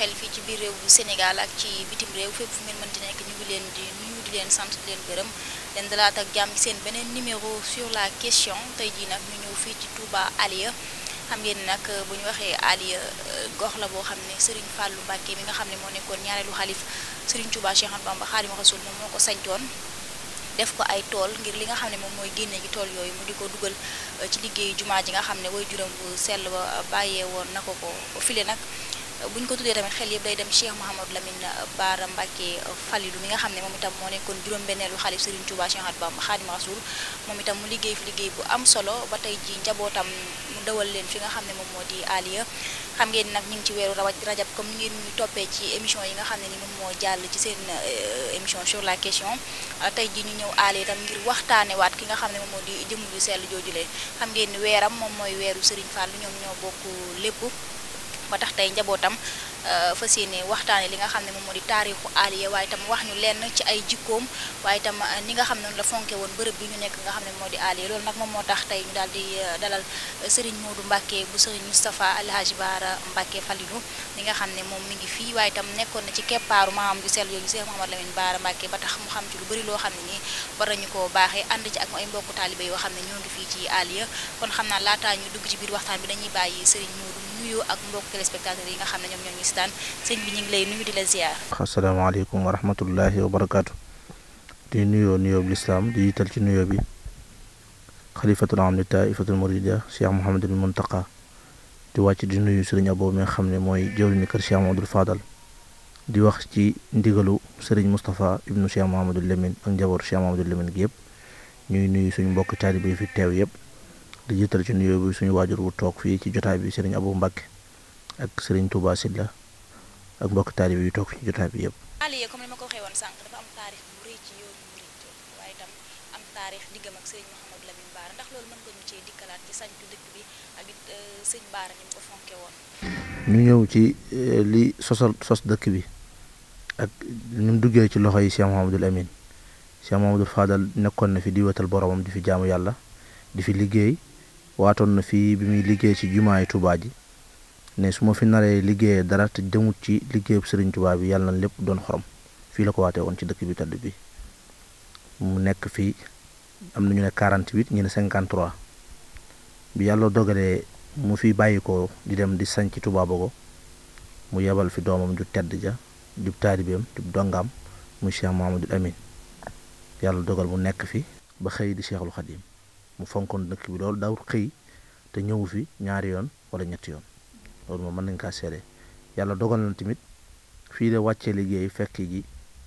xel fii ci biir réew bu Sénégal ak ci bitim réew fépp fu ngeen mën nekk ñu ngi leen di nuyu di leen sant leen gërëm leen dalaat ak jàmm seen beneen numéro sur la question tey jii nag ñu ñëw fii ci Touba Alieu xam ngeen nag euh, bu ñu waxee Alieu gox la boo xam ne Serigne Fallou Mbacké mi nga xam ne moo nekkoon ñaareelu xalif Serigne Touba Cheikh Ahmadou Bamba Khadimu Rasul moom moo ko sañtoon def ko ay tool ngir li nga xam ne moom mooy génne ji tool yooyu mu di ko dugal euh, ci liggéey jumaa ji nga xam ne way juróom bu sell ba euh, bàyyee woon na ko ko nag bu ñu ko tuddee tamit xel yëpp day dem Cheikh Mouhamadou Lamine Bara Mbacké Falilou mi nga xam ne moom itam moo kon juróom beneen xalif Serigne Touba Cheikh Ahmadou Bamba Khadimou Rassoul moom itam mu liggéey fi liggéey bu am solo ba tey ji njabootam dawal leen fi nga xam ne moom moo di aliya xam ngeen nag ñu ngi ci weeru rawa rajab comme ni ngeen toppee ci émission yi nga xam ne ni moom moo jàll ci seen euh, émission sur la question tey ji ñu ñëw aale itam ngir waxtaane waat ki nga xam ne moom moo di jëmm ju sell joojulee xam ngeen weeram moom mooy weeru Serigne lu ñoom ñoo bokk lépp ba tax tey njabootam euh, fas waxtaan waxtaane li nga xam ne moom moo di taarixu Aliya waaye itam wax ñu lenn ci ay jikkoom waaye itam euh, ni nga xam ne noonu la fonke woon bërëb bi ñu nekk nga xam ne moo di Aliya loolu nag moom moo tax tey ñu daal di euh, dalal sëriñ Modou Mbacke bu sëriñ Moustapha Alhaji Baara Mbacke Falilou li nga xam ne moom mu ngi fii waaye itam nekkoon na ci keppaaru maam ju sell yooyu Cheikh Mouhamad Lamine Baara Mbacke ba tax mu xam ci lu bëri loo xam ne nii war nañu ko baaxee ànd ci ak ay mbokku taalibe yoo xam ne ñoo ngi fii ci Aliya kon xam naa laataa ñu dugg ci biir waxtaan bi dañuy bàyyi sëriñ Modou ak mbokk téléspectateurs yi nga xam ne ñoom ñoo ngi sitaan sëñ bi ñu lay nuyu di la ziar. asalaamaaleykum wa rahmatullahi wa barakaatu. di nuyoo bi lislaam di yital ci nuyoo bi xalifatul am li taifatul murida cheikh mohamadul muntaqa di wàcc di nuyu sëriñ aboo mi xam ne mooy jëwriñu kër cheikh mahamadul di wax ci ndigalu sëriñ moustapha ibnu cheikh mohamadul lemin ak njaboot cheikh mohamadul lemin gi yëpp ñuy nuyu suñ mbokk taalibe yëpp di jiital ci nuyoo bi suñu waajur wu toog fii ci jotaay bi sëriñ Abu Mbàkke ak sëriñ Touba Sylla ak mbokk taalibe yu toog fii ci jotaa bi yëpp. ndax loolu mën euh, ko ñu ñëw ci euh, li sosal sos dëkk bi ak ni duggee ci loxo yi Cheikh Mouhamadou Amine Cheikh Mouhamadou Fadal nekkoon na fi di wetal boromam di fi jaamu yàlla di fi liggéey. waatoon na fii bi muy liggéey ci jumaay Tuubaa ji ne su ma fi naree liggéeyee dara te jëmut ci liggéeyub Sëriñ Tuubaa bi yàlla lépp doon xorom fii la ko waatee woon ci dëkk bi tedd bi mu nekk fii am na ne 48 ñu ne yàlla dogalee mu fi bàyyikoo di dem di sanc Tuubaa Bogo mu yebal fi doomam ju tedd ja jub taalibeem jub dongaam muy Cheikh Mahamadul Amin yàlla dogal mu nekk fi ba xëy di Cheikhul Xadim mu fonkoon dëkk bi loolu daawul xëy te ñëwu fi ñaari yoon wala ñetti yoon loolu moom mën nañ kaa seede yàlla dogal na tamit fii de wàccee liggéey fekk ji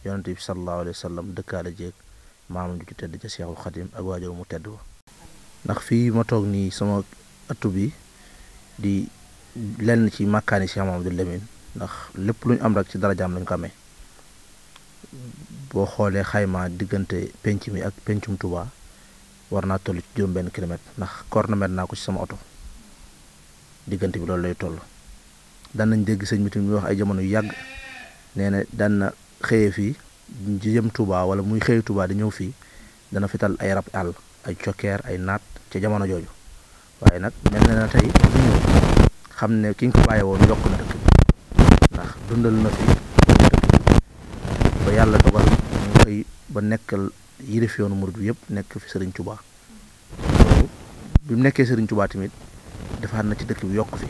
yonent bi sallallahu alayhi wa sallam dëkkaale jéeg maamam ju tedd ca Seexul Xadim ak waajur mu tedd ba ndax fii ma toog nii sama ëttu bi di lenn ci màkkaani Cheikh Mamadou Lamine ndax lépp lu am rek ci darajaam lañ ko amee boo xoolee xayma diggante penc mi ak pencum Tuubaa war naa toll ci juróom benn kilomètre ndax cornomètre naa ko ci sama oto diggante bi loolu lay toll daan nañ dégg sëñ mitim mi wax ay jamono yu yàgg nee na daan na xëyee fii jëm Touba wala muy xëye Touba di ñëw fii dana fital ay rab àll ay cokkeer ay naat ca jamono jooju waaye nag mel na na tey bu ñëw xam ne ki ñu ko bàyyi woon yokk na dëkk bi ndax dundal na fi ba yàlla dogal mu xëy ba nekkal fi yoonu murid bi yëpp nekk fi Serigne Touba bi mu nekkee Serigne Touba tamit defaat na ci dëkk bi yokk fi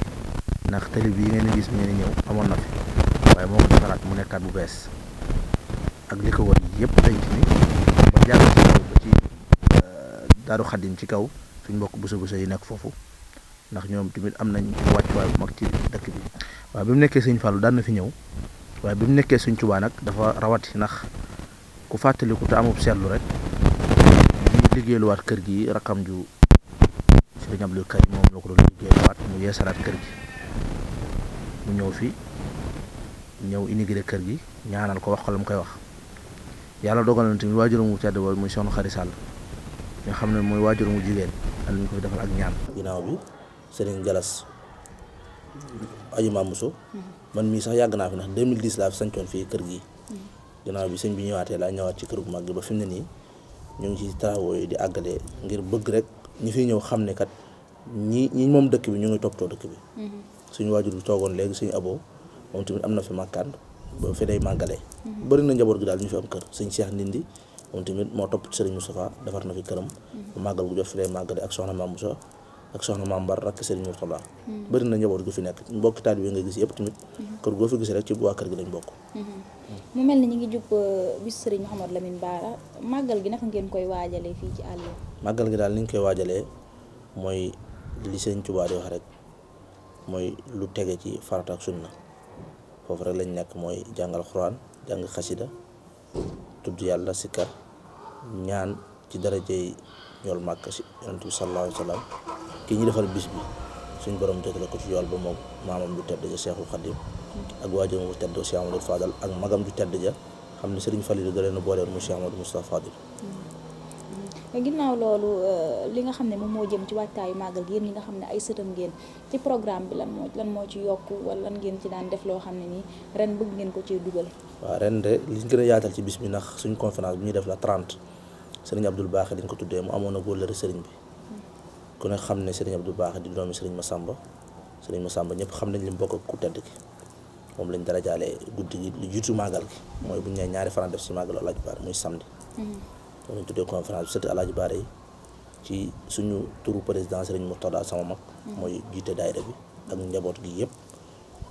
ndax tali bi yi ngeen gis ngeen ñëw amoon na fi waaye moo ko defaraat mu nekkaat bu bees ak li ko wër yëpp penc mi ba ci kaw ba ci euh, xaddim ci kaw suñ mbokk busa busa yi nekk foofu ndax ñoom tamit am nañ wàccuwaay bu mag ci dëkk bi waaye bi mu nekkee Serigne Fallou daan na fi ñëw mu nekkee Serigne Touba nag dafa rawati ndax ku fàttaliku te amub seetlu rek ñuy liggéeyluwaat kër gi rakkam ju Sëriñ Abdul Karim moom ñoo ko doon liggéeyluwaat mu yeesalaat kër gi mu ñëw fi ñëw immigré kër gi ñaanal ko wax ko la mu koy wax yàlla dogal na tamit waajuram wu tedd boobu muy soxna Xari Sàll nga xam ne mooy waajuram jigéen ak ko fi ak ñaan ginnaaw bi Sëriñ Galas aju Mamousso man mii sax yàgg naa fi ndax 2010 laa fi sancoon fii kër gi gannaaw bi sëñ bi ñëwaatee laa ñëwaat ci kër gu mag ba fi mu ne nii ñu ngi ci travaux yi di àggale ngir bëgg rek ñi fi ñëw xam ne kat ñi ñi moom dëkk bi ñu ngi toppatoo dëkk bi. Mm-hmm. suñ waajur bi toogoon léegi suñ aboo moom tamit am na fi màkkaan ba fi day màggalee. Mm-hmm. bëri na njaboot gi daal ñu fi am kër suñu seex ndindi moom tamit moo topp ci Serigne Moustapha defar na fi këram. Mm-hmm. màggal bu jot fi day màggale ak soxna Maam Moussa ak soxna maam Mbar rakk Serigne Mourtala bëri na njaboot gu fi nekk mbokki taal bi nga gis yëpp tamit kër goo fi gis rek ci waa kër gi lañ bokk mu mel ni ñu ngi jub euh, bis Serigne Mouhamad Lamine Bara màggal gi naka ngeen koy waajalee fii ci àll màggal gi daal ni ñu koy waajalee mooy li Sëñ Tuubaa di mooy lu tege ci farata ak sunna foofu rek lañ nekk mooy jàngal xuraan jàng xasida tudd yàlla sikkar ñaan ci darajey ñool màkk si yonent bi sallallahu alayhi ki ñu defal bis bi suñ borom jotale ko ci yool ba moom maamam ju tedd ja Seexul Xadim ak waajuram bu tedd Cheikh Amadou Fadal ak magam ju tedd ja xam ne Serigne Fallou da leen a boole woon mu Cheikh Amadou Moustapha mm-hmm. euh, li nga xam ne moom moo jëm ci waajtaayu màggal gi yéen ñi nga xam ne ay sëtam ngeen ci programme bi lan moo lan moo ci yokk wala lan ngeen ci daan def loo xam ne nii ren bëgg ngeen ko ci dugal waa ren de liñ gën a yaatal ci bis bi ndax suñ conférence bi ñuy def la 30 Serigne Abdoul Baaxe dañ ko tuddee mu amoon a góorlëri Serigne bi ku ne xam ne sëriñ Abdou Baax di doomi sëriñ Masamba sëriñ Masamba ñëpp xam nañ li mu bokk ak ku tedd ki moom lañ dara jaale guddi gi lu jiitu màggal gi mooy bu ñu nee ñaari fan def si màggal Alaaji Baare muy samedi. loolu mm-hmm. ñu tuddee conférence bi sëti Alaaji Baare yi ci suñu mm-hmm. jiite daayira bi ak njaboot gi yëpp.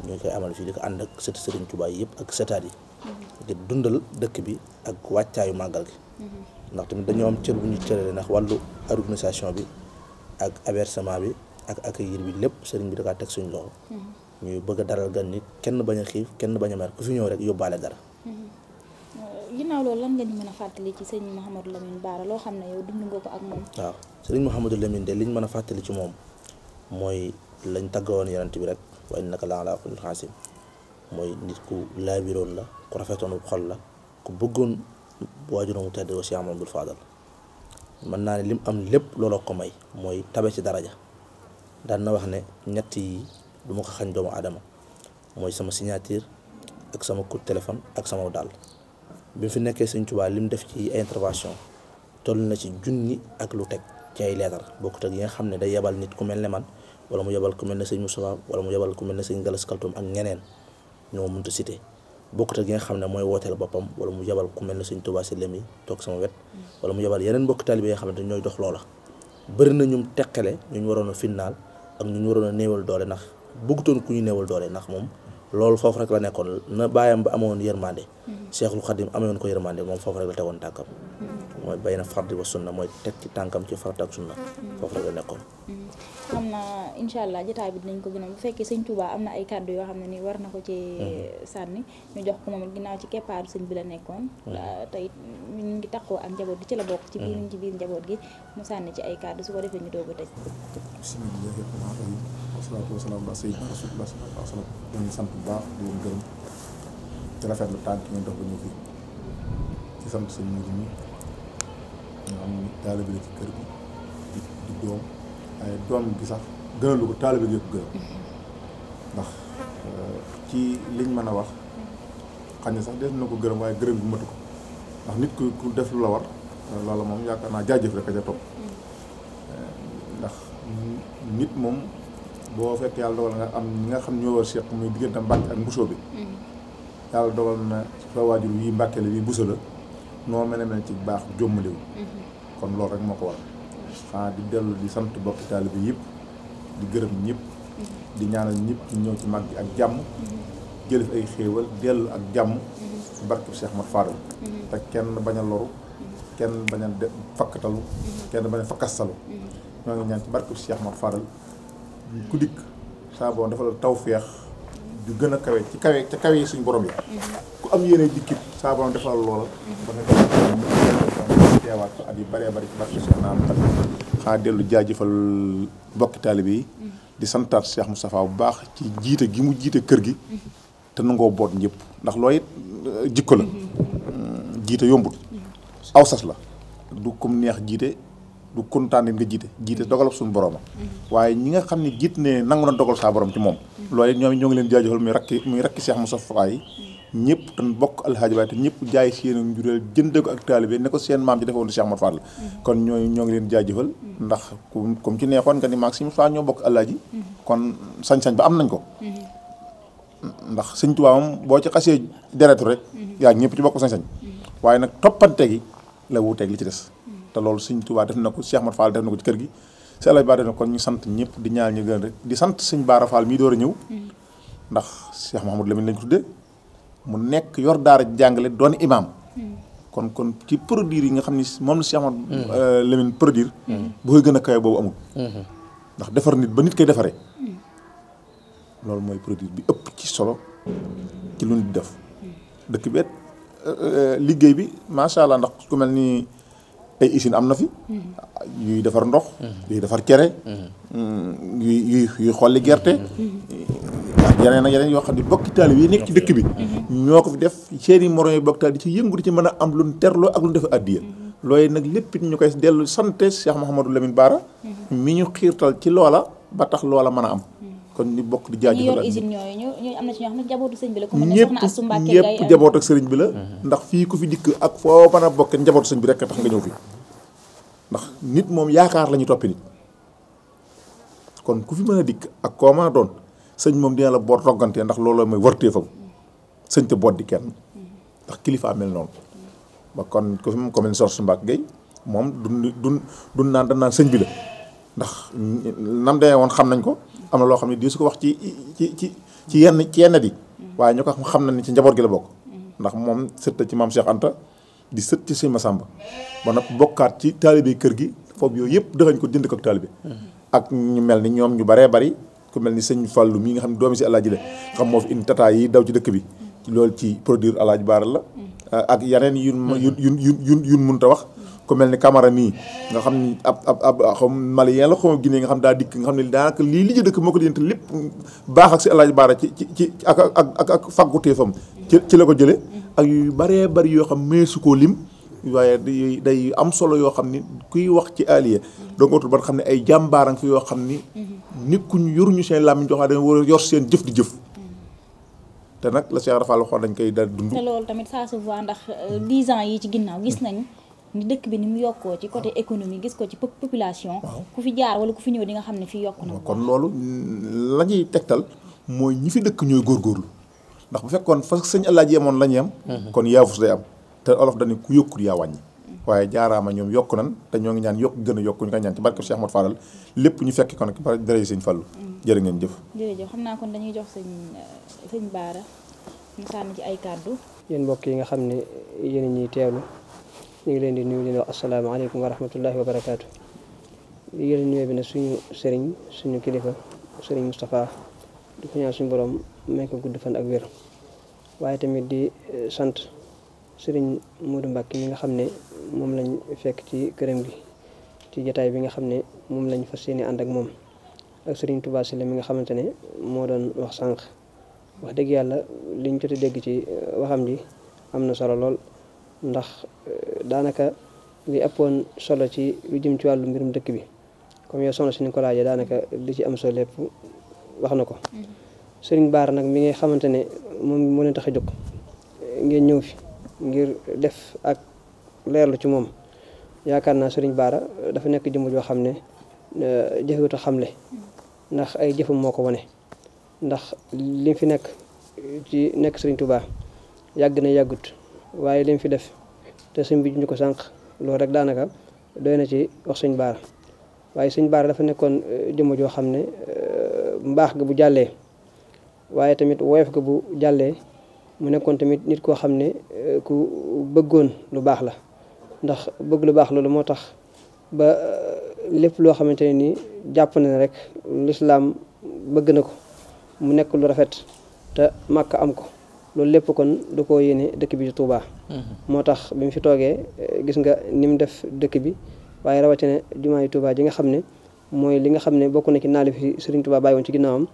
ñu koy amal fii di ko ànd ak sëti sëriñ Tuubaa yëpp ak sëtaat yi. Mm-hmm. di dundal dëkk bi ak wàccaayu màggal gi. ndax tamit dañoo am cër bu ñu cëralee ndax wàllu organisation bi. ak aversement bi ak accueil bi lépp sëriñ bi da kaa teg suñ loxo mhm. ñuy bëgg a daral gan nit kenn bañ a xiif kenn bañ a mer ku fi ñëw rek yóbbaale dara mhm. ginnaaw loolu lan nga ñu mën a fàttali ci sëriñ Mouhamadou Lamine Bara loo xam ne yow dund nga ko ak moom waaw sëriñ Mouhamadou Lamine de liñ mën a fàttali ci moom mooy lañ tàggawoon yonent bi rek waaye naka laa laa mooy nit ku laabiroon la ku rafetoon xol la ku bëggoon waajuram mu tedd si Amadou mën naa ne lim am lépp looloo ko may mooy tabe ci daraja daan na wax ne ñett yi du ma ko xañ doomu aadama mooy sama signature ak sama coup téléphone ak sama dàll bi mu fi nekkee Sëñ Tuubaa lim def ci intervention toll na ci junni ak lu teg ci ay leetar bokkut ak yi nga xam ne day yebal nit ku mel ne man wala mu yebal ku mel ne sëñ Moussa wala mu yebal ku mel ne sëñ Galas Kaltoum ak ñeneen ñoo mënta cité bokkut ak yi xam ne mooy wooteel boppam wala mu yabal ku mel ne sëñ Tuubaa si lem yi toog sama wet wala mu yabal yeneen mbokk taalibe xam ne ñooy dox loola bëri na ñum teqale ñu ñu waroon a finnaal ak ñu waroon a néewal doole ndax bëggutoon ku ñu néewal doole ndax moom loolu foofu rek la nekkoon na bàyyam ba amoon yërmande Seexul mm-hmm. Xadim amoon ko yërmande moom foofu rek la tegoon tàkkam mm-hmm. mooy bay na fardi wa sunna mooy teg ci tànkam ci farata ak sunna mm-hmm. foofu rek la nekkoon xam mm-hmm. naa incha allah jotaay bi ko gën bu fekkee sëñ Touba am na ay kàddu yoo xam ne ni war na ko ci mm-hmm. sànni ñu jox ko moom it ginnaaw ci keppaaru sëñ bi la nekkoon tey ñu ngi taxoo ak njaboot gi ci la bokk ci biir ci biir njaboot gi mu sànni ci ay kàddu su ko defee ñu doog a tëj bismillahi rahmaani rahim sant baax di leen gërëm di rafetlu tànk ñu dox ba ñu fii ci sant sëñ Mouride nga xam ni taalibe ci kër gi di doom waaye doom bi sax gënalu ko taalibe gi ko gënal ndax euh, ci liñ mën a wax xam ne sax des na ko gërëm waaye gërëm bi matu ko ndax nit ku ku def lu la war euh, loolu moom yaakaar naa jaajëf rek a ca topp euh, ndax nit moom yàlla dogal nga am ñi nga xam ñoo war seq muy diggante mbàkke ak mbusoo bi mm-hmm. yàlla dogal na sa waajur yi mbàkke la yi la noo mel ne ci baax jommaliw mhm. kon loolu rek moo ko war xanaa di dellu di sant bokki taalibe yëpp di gërëm ñëpp mhm. di ñaanal ñëpp di ñëw ci mag gi ak jàmm mhm. jëlif ay xéewal dellu ak jàmm ci barkeb Cheikh Mat Fadal te kenn bañ a loru kenn bañ a fakkatalu kenn bañ a fakkastalu ñoo ngi ñaan ci barkeb Cheikh Mat Fadal ku dikk saa dafa la tawféex ju gën a kawe ci kawe ci kawe yi suñu borom yi ku am yéene dikkit saa borom defal loola yu bëree bëri xanaa dellu jaajëfal bokki taalibe yi di santaat Cheikh Moustapha bu baax ci jiite gi mu jiite kër gi te nangoo boot ñépp ndax looy it jikko la mm, jiite yombut aw sas la du kum neex jiite du kontaan nga jiite jiite dogalab suñu borom waaye ñi nga xam ne jiit ne nangu na dogal saa borom ci moom loolu ñoo ngi leen jaajëfal muy rakki muy rakki Seex Mustafaa yi ñëpp tan bokk alxaaji baay te ñëpp jaay seen njureel jëndee ko ak ne ko seen maam ci defoon Cheikh Ahmad kon ñooy ñoo ngi leen jaajëfal ndax ku comme ci neexoon nga ni maag si Mustafaa ñoo bokk alxaaji kon sañ-sañ ba am nañ ko ndax sëñ Tuubaa boo ci xasee deretu rek yaa ñëpp ci bokk sañ waaye nag toppante gi la wuuteeg li ci des te loolu sëñ Tuubaa def na ko Cheikh Mat Fall def na ko kër gi ba na kon ñu sant ñëpp di ñaal ñu gën rek di sant sëñ Baara faal mii door a ñëw mm. ndax Cheikh Mahamadou Lamine lañ ko tudde mu nekk yor daara jàngale doon imaam mm. kon kon ci produire yi nga xam ni moom la Cheikh Mahamadou mm. euh, Lamine produire bu koy gën a kawe boobu amul mm-hmm. ndax defar nit ba nit koy defaree loolu mooy produire bi ëpp ci solo ci lu ñu di def dëkk bi euh, euh, liggéey bi macha allah ndax ku mel ni ay usine am na fi yuy defar ndox yuy defar cere yuy yuy yuy xolli gerte yeneen ak yeneen yoo xam ne bokki taalib yi nekk ci dëkk bi ñoo ko fi def seeni morom bokk bokki taalib ci yëngu di ci mën a am lu terloo ak lu defa addiya looy nag lépp ñu koy dellu sante Cheikh Mouhamadou Lamine Bara mi ñu xiirtal ci loola ba tax loola mën a am kon ni bokk di jaajëfal ñu yor usine ñooyu ñu ñu am na sëriñ bi la comme ñëpp ñëpp ak sëriñ bi la ndax fii ku fi dikk ak foo mën a bokk njabootu sëriñ bi rek tax nga ñëw fi ndax nit moom yaakaar la ñu toppi nit kon ku fi mën a dikk ak koo mën a doon sëñ moom dina la boo toggantee ndax looloo mooy wartee fam sëñ te boot di kenn ndax kilifa mel noonu ba kon ku fi moom commune Source Mbacke Gueye moom du du du naan da naan sëñ bi la ndax nam dee woon xam nañ ko am na loo xam ne di su ko wax ci ci ci ci yenn ci yenn di mm. waaye ñu ko xam na ni ci njaboot gi la bokk mm. ndax moom sërta ci maam seex Anta di sët ci sëñ Masamba ba nag bokkaat ci taalibe kër gi foofu yooyu yëpp dëxañ ko jënd ko ak taalibe ak ñu mel ni ñoom ñu baree bari ku mel ni sëñ Fallou mii nga xam ne doomi si alaaji la xam moo fi indi yi daw ci dëkk bi loolu ci produire alaaji baara la ak yeneen yun yun yun yun yun mënta wax ku mel ni Camara mii nga xam ni ab ab ab xam malien la xam Guinée nga xam daa dikk nga xam ne daanaka lii li ci dëkk moo ko lijjanti lépp baax ak si alaaji baara ci ci ci ak ak ak ak faggu téefam ci la ko jëlee ak yu bëree bari yoo xam meesu koo lim waaye day day am solo yoo xam ni kuy wax ci aliya donc otul ba xam ne ay jàmbaarang fi yoo xam ni mhm. nit ku yoruñu seen làmmiñ jox dañu war a yor seen jëf di jëf mhm. te nag la Cheikh Rafal waxoon dañ koy dal dund. te loolu tamit ça ndax 10 euh, ans yi ci ginnaaw gis hmm. nañ ni dëkk yokkoo ci côté économie gis ko ci population. ku fi jaar wala fi ñëw di nga xam ne fii yokku na. kon loolu la tegtal mooy ñi fi dëkk ñooy góorgóorlu. ndax bu fekkoon fa sëñ Alaaji yemoon la ñu yem mhm. kon yaafus day am te olof dañu ku yokkul yaa wàññi waaye jaaraama ñoom yokk nan te ñoo ngi ñaan yokk gën a yokku ñu koy ñaan ci barke Cheikh lépp ñu fekk kon ba dara sëñ Fallu mm. jërë ngeen jëf xam naa kon dañuy jox sëñ euh, sëñ Baara ci ay kàddu yéen mbokk yi nga xam ne yéen ñuy teewlu ñu ngi leen di nuyu leen wax asalaamaaleykum wa rahmatullahi wa barakaatu li ngeen nuyoo suñu sëriñ suñu kilifa sëriñ Moustapha di ko ñaan suñu borom may ko gudd fan ak wér waaye tamit di eh, sant sëriñ Modou Mbacke mi nga xam ne moom lañ fekk ci këram gi ci jataay bi nga xam ne moom lañ fas yéene ànd ak moom ak sëriñ Touba Sylla mi nga xamante ne moo doon wax sànq wax dëgg yàlla liñ jot dégg ci eh, waxam ji am na solo lool ndax eh, daanaka li ëppoon solo ci lu jëm ci wàllu mbirum dëkk bi comme yow soxna si ni daanaka li ci am solo lépp wax na ko sëriñ Baara nag mi ngay xamante ne moom moo leen tax a jóg ngeen ñëw fi ngir def ak leerlu ci moom yaakaar naa sëriñ Baara dafa nekk jëmm joo xam ne eh, jëfewut a xamle ndax ay jëfam moo ko wone ndax li fi nekk ci nekk sëriñ Touba yàgg na yàggut waaye li mu fi def te sëñ bi ko sànq loolu rek daanaka doy na ci wax sëñ Baara waaye sëñ Baara dafa nekkoon eh, jëmm joo xam ne eh, mbaax nga bu jàllee waaye tamit woyof ga bu jàllee mu nekkoon tamit nit koo xam ne eh, ku bëggoon lu baax la ndax bëgg lu baax loolu moo tax ba eh, lépp loo xamante ne nii jàpp na rek lislaam bëgg na ko mu nekk lu rafet te makk am ko loolu lépp kon du ko yéene dëkk bi di Touba. Mm-hmm. moo tax bi mu fi toogee eh, gis nga ni mu def dëkk bi waaye rawatina jumaa yi Touba ji nga xam ne mooy li nga xam ne bokk na ci naal fi Serigne Touba bàyyi woon ci ginnaawam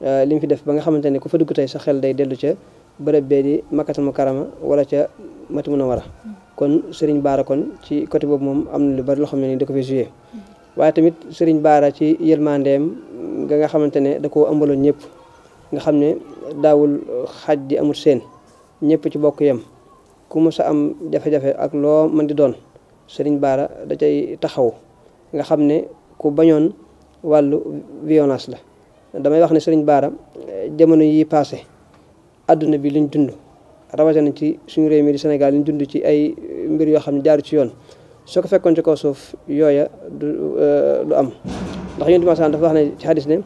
euh, li mu fi def ba nga xamante ne ku fa dugg tey sa xel day dellu ca bërëb bee di Makkatal Mukarrama wala ca Mati Munawara kon Serigne Bara kon ci côté boobu moom am lu bari loo xam ni da ko fi joué waaye tamit Serigne ci yërmandeem nga nga xamante ne da koo ëmbaloon ñëpp nga xam ne daawul xaj di amul seen ñëpp ci bokk yam ku mës a am jafe-jafe ak loo mën di doon sëriñ baara da cay taxaw nga xam ne ku bañoon wàllu violence la damay wax ne sëriñ Baara jamono yi passé àdduna bi liñ dund rawatina ci suñu réew mi di Sénégal liñ dund ci ay mbir yoo xam ne jaaru ci yoon soo ko fekkoon ci kaw suuf yooya du euh, du am ndax yonent bi sallallaahu dafa wax ne ci xadis ne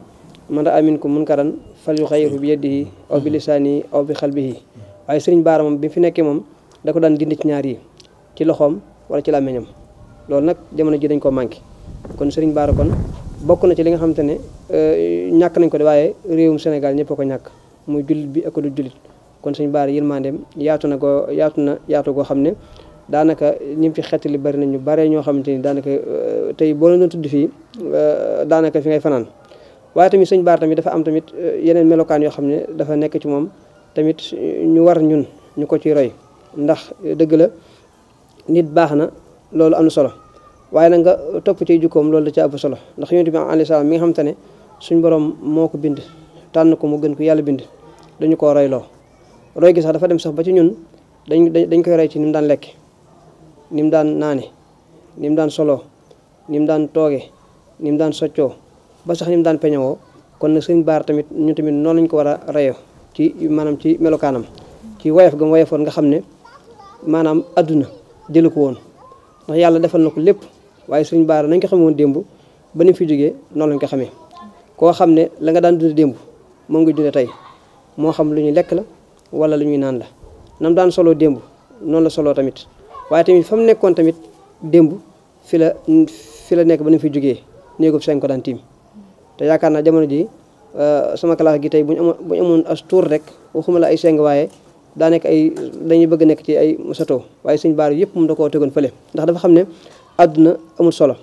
man ra'a fal munkaran falyughayyirhu bi yadihi aw bi lisaanihi aw bi qalbihi waaye sëriñ Baara moom bi fi nekkee moom da ko daan dindi ci ñaar yi ci loxoom wala ci làmmiñam loolu nag jamono ji dañ manqué kon sëriñ Bara kon bokk na ci li nga xamante ne euh, ñàkk nañ ko de waaye réewum Sénégal ñëpp ko ñàkk muy jullit bi ak du jullit kon Serigne Bara yërmandeem yaatu na ko yaatu na yaatu goo xam ne daanaka ñim ci xeet li bari nañu bare ñoo xamante ni daanaka euh, tey boo leen doon tudd fii euh, daanaka fi ngay fanaan waaye tamit Serigne Bara tamit dafa am tamit yeneen melokaan yoo xam ne dafa nekk ci moom tamit ñu war ñun ñu ko ci roy ndax dëgg la nit baax na loolu am na solo waaye nag nga topp ci jukkoom loolu la ci ëpp solo ndax yonent bi alayhi salaam mi nga xam te ne suñ borom moo ko bind tànn ko mu gën ko yàlla bind dañu koo royloo roy gi sax dafa dem sax ba ci ñun dañ dañ koy rey ci ni mu daan lekk ni mu daan naane ni mu daan solo ni daan tooge ni daan soccoo ba sax ni daan peñewoo kon nag sëñ baar tamit ñu tamit noonu lañ ko war a royoo ci maanaam ci melokaanam ci woyof ga mu nga xam ne maanaam àdduna jëlu ko woon ndax yàlla defal na ko lépp waaye sëriñ baara nañ ko xamee woon démb ba ni noonu lañ ko xamee koo xam ne la nga daan dund démb moom nga dund tey moo xam lu ñuy lekk la wala lu ñuy naan la nam daan solo démb noonu la solo tamit waaye tamit fa mu nekkoon tamit démb fi la fi la nekk ba nu fi jógee néegub seen ko daan tiim te yaakaar naa jamono ji euh, sama classe gi tey bu ñu amoon bu amoon as tuur rek waxuma la ay seng waaye daa nekk ay dañuy bëgg nekk ci ay sato waaye suñ baar yëpp moom da koo tegoon fële ndax dafa xam ne àdduna amul solo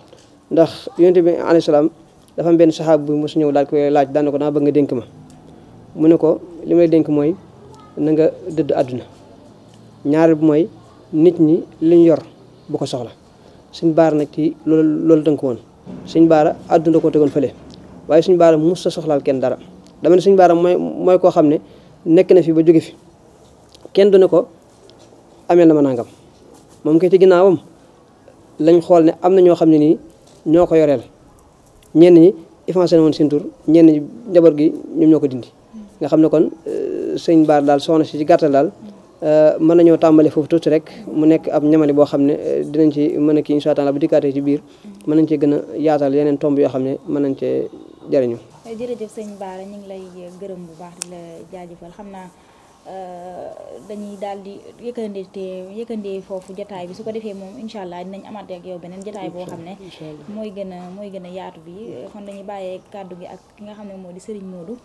ndax yonent bi alayhi salaam dafa am benn saxaab bu mosu ñëw laaj ko laaj daane ko naa bëgg nga dénk ma mu ne ko li may dénk mooy na nga dëdd àdduna ñaareel bi mooy nit ñi liñ yor bu ko soxla suñ baara nag ci loolu loolu dënk woon suñ baara àdduna koo tegoon fële waaye suñ baara mus sa soxlaal kenn dara dama ne suñ baara mooy mooy koo xam ne nekk na fi ba jóge fi kenn du ne ko amee na ma nangam moom kay ci ginnaawam lañ xool ne am na ñoo xam ne nii ñoo ko yoreel ñenn ñi fan na woon seen tur ñenn ñi njaboot gi ñoom ñoo ko dindi nga xam ne kon euh, sëñ baar daal soxna si ci gàttal daal euh, mën nañoo tàmbale foofu tuuti rek mu nekk ab ñamali boo xam ne euh, dinañ ci mën a kii incha allah bu dikkaatee ci biir mën nañ cee gën a yaatal yeneen tomb yoo xam ne mën nañ cee jëriñu. jërëjëf sëñ Bara ñu ngi lay gërëm bu baax di la jaajëfal Euh, dañuy daal di yëkkandee te yëkkandee foofu jataay bi su ko defee moom incha allah nañ amaat ak yow beneen jataay boo xam ne mooy gën a mooy gën a yaatu bi euh, kon dañuy bàyyee kàddu gi ak ki nga xam ne moo di Serigne Modou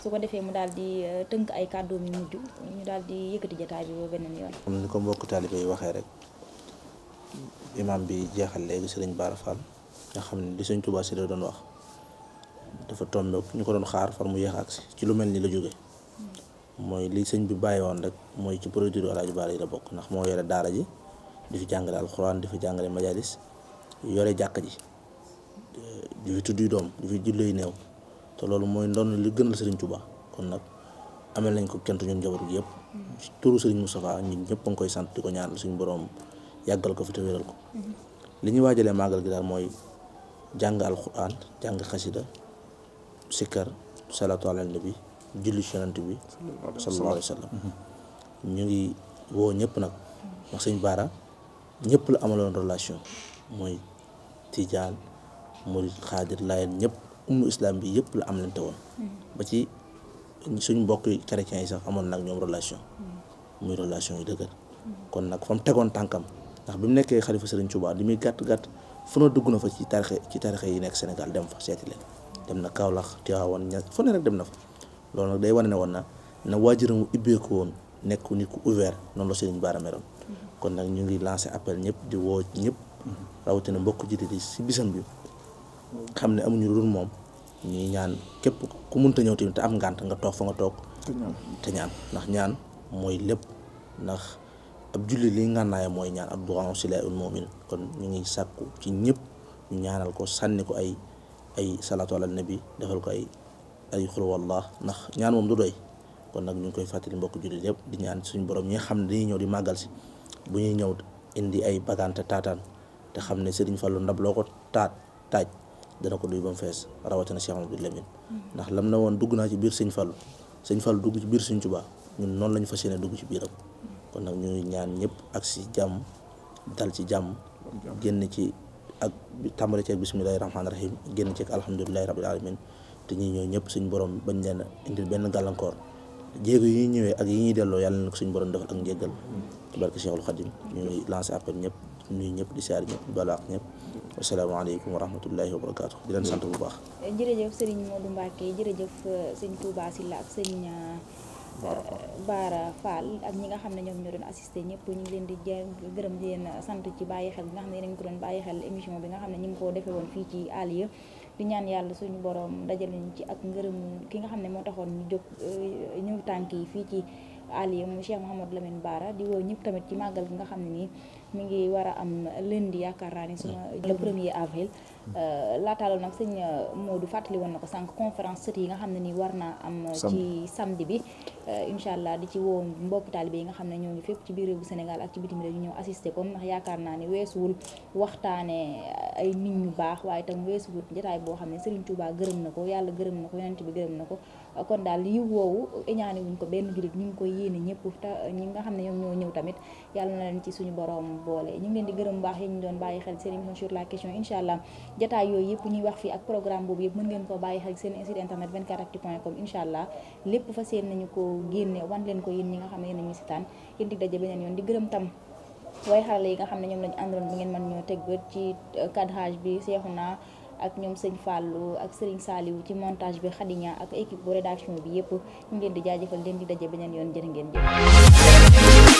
su ko defee mu daal di euh, tënk ay kàddu mi mujj ñu daal di yëkkati jataay bi boo beneen yoon comme ni ko mbokk taalibe yi waxee rek imam bi jeexal léegi Serigne Bara Fall xam ne di Serigne Touba si la doon wax dafa tombe ñu ko doon xaar far mu yéex agsi ci lu mel ni la jóge mooy li sëñ bi bàyyi woon rek mooy ci produit du Alaaji Baara yi la bokk ndax moo yore daara ji di fi jàngale alxuraan di fi jàngale majalis yore jàkka ji di fi tudduy doom di fi jullee néew te loolu mooy ndonn li gënal sëriñ Touba kon nag amel nañ ko kentu ñun njaboot gi yëpp ci turu sëriñ Moustapha ñun ñëpp a ngi koy sant di ko ñaanal suñu borom yàggal ko fi te ko mm-hmm. li ñuy waajalee màggal gi daal mooy jàng alxuraan jàng xasida sikkar salaatu ala nabi julli ci yonent bi sallallahu alayhi wa sallam ñu ngi ñëpp nag ndax sëñ baara ñëpp la amaloon relation mooy tijaan murid xaadir laayeen ñëpp ummu islam bi yëpp la am lante woon hmm. ba ci suñ mbokk chrétiens yi sax amoon nag ñoom relation hmm. muy relation yi dëgër hmm. kon nag fa mu tegoon tànkam ndax bi mu nekkee xalifa sëriñ Tuubaa li muy gàtt gàtt fu na dugg na fa ci tarixe ci tarixe yi nekk senegal dem fa seeti leen dem na Kaolack Tivaouane ña fu ne rek dem na fa loolu nag day wane ne woon na na waajuram ubbeeku woon nekk ni ku ouvert noonu la Serigne Bara meloon kon nag ñu ngi lancé appel ñëpp di woo ñëpp rawatina mbokk jullit yi si bisam bi xam ne amuñu lu moom ñu ñaan képp ku munta ñëw tamit te am ngànt nga toog fa nga toog te ñaan ndax ñaan mooy lépp ndax ab jullit li ngànnaay mooy ñaan ab duwaa moom mu'min kon ñu ngi sàkku ci ñëpp ñu ñaanal ko sànni ko ay ay salaatu ala nabi defal ko ay ay xulwallah ndax ñaan moom du doy kon nag ñu ngi koy fàttali mbokk jullit yëpp di ñaan suñu borom ñi xam ne dañuy ñëw di màggal si bu ñuy ñëw indi ay bagaan taataan te xam ne Sëriñ Fallu ndab loo ko taat taaj dana ko duy ba fees rawatina Cheikh Amadou Lamine mm-hmm. ndax lam na woon dugg naa ci biir Sëñ Fallu Sëñ Fallu dugg ci biir Sëñ Tuubaa ñun noonu la ñu fas dugg ci biiram mm-hmm. kon nag ñuy ñaan ñëpp ak si jàmm dal ci jàmm génn ci ak tàmbali ci ak bismillahi rahmaani rahim génn ci ak alhamdulilahi rabbil alamin te ñi ñoo ñëpp suñ borom bañ leen indil benn gàllankoor jéego yi ñuy ñëwee ak yi ñuy delloo yàlla na ko suñ defal ak njéggal ci barke Cheikhul Khadim ñu ngi lancé appel ñëpp nuyu ñëpp di siyaar ñëpp balaa ak ñëpp asalaamaaleykum wa rahmatullahi wa barakaatu di leen sant bu baax Baara Fall ak ñi nga xam ne ñoom ñoo doon assisté ñëpp ñu ngi leen di jë gërëm di sant ci bàyyi xel bi nga xam ne ko doon bàyyi xel émission bi nga xam ne ñu ngi ko defee woon fii ci Alieu di ñaan yàlla suñu boroom dajale ñu ci ak ngërëm ki nga xam ne moo taxoon ñu jóg euh, ñëw tànk yi fii ci Alieu mu Cheikh Mouhamadou Lamine baara di woo ñëpp tamit ci màggal gi nga xam ne nii mu ngi war a am lundi yaakaar naa ni suma le premier avril Euh, laata loolu nag sëñ euh, Modou fàttali woon na ko sànq conférence sët yi nga xam ne nii war naa am. Euh, ci samedi bi. incha allah di ci woo mbokk taalibe yi nga xam ne ñoo ngi fépp ci biir réewu Sénégal ak ci bitim réew ñu ñëw assister ko ndax yaakaar naa ne weesuwul waxtaane ay nit ñu baax waaye tam weesuwul jotaay boo xam ne Serigne Touba gërëm na ko yàlla gërëm na ko yonent bi gërëm na ko. kon daal yiw woowu iñaane wuñ ko benn jullit ñu ngi ko yéene ñëpp te ñi nga xam ne ñoom ñoo ñëw tamit yàlla na ci suñu borom boole ñu leen di gërëm baax yi ñu doon bàyyi xel seen émission la question incha allah jataay yooyu yëpp ñuy wax fii ak programme boobu yëpp mën ngeen ko bàyyi xel seen site wan leen ko yéen ñi nga xam ne yéen nañu sitaan yéen dig daje beneen yoon di gërëm tam waaye xarala yi nga xam ne ñoom lañu àndaloon bu ngeen mën ñoo teg bët ci cadrage bi seexu naa ak ñoom sëñ Fallou ak Serigne Saliou ci montage bi Khadija ak équipe bu rédaction bi yëpp ñu ngi leen di jaajëfal leen di daje beneen yoon jërë ngeen jëf